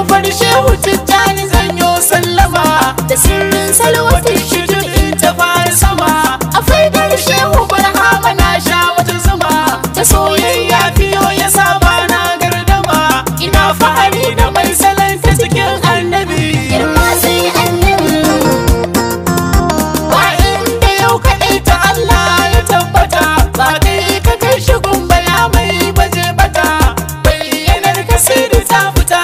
kofar shehu tijjani zanyo sallama da sirrin salwatin shirin in ta fara sama a faidar shehu barhama na sha wata zuma ta soyayya fiyo ya saba na gardama ina fahari da mai salon ta cikin annabi girma sai annabi ba inda yau kaɗai ta Allah ya tabbata ba kai ka kai shi gumbala mai baje bata bayyanar kasiri ta fita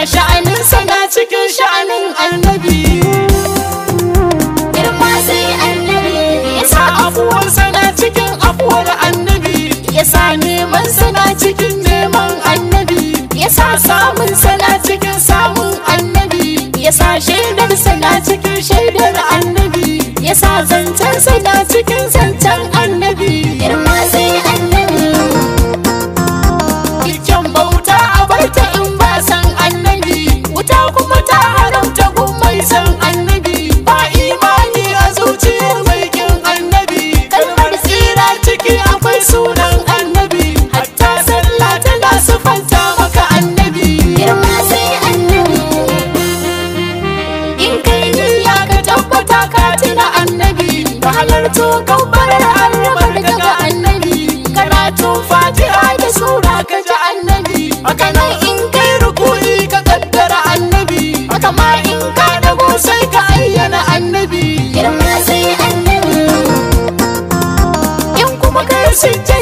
Allah sha'anin sana cikin sha'anin annabi girma sai annabi yasa afuwar sana cikin afuwar annabi yasa neman sana cikin neman annabi yasa samun sana cikin samun annabi yasa shaidar sana cikin shaidar annabi yasa zancen sana cikin fatiha da sura ka ji annabi haka nan in kai rukuni ka kaddara annabi haka ma in ka dago sai ka ayyana annabi girma sai annabi in kuma kai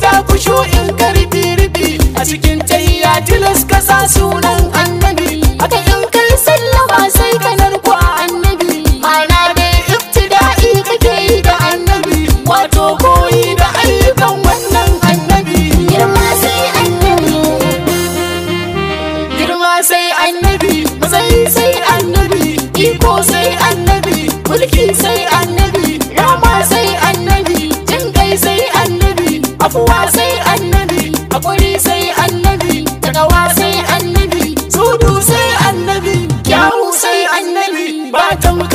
da kusho in ka ribi ribi a cikin tahiyya tilas ka sa sunan matan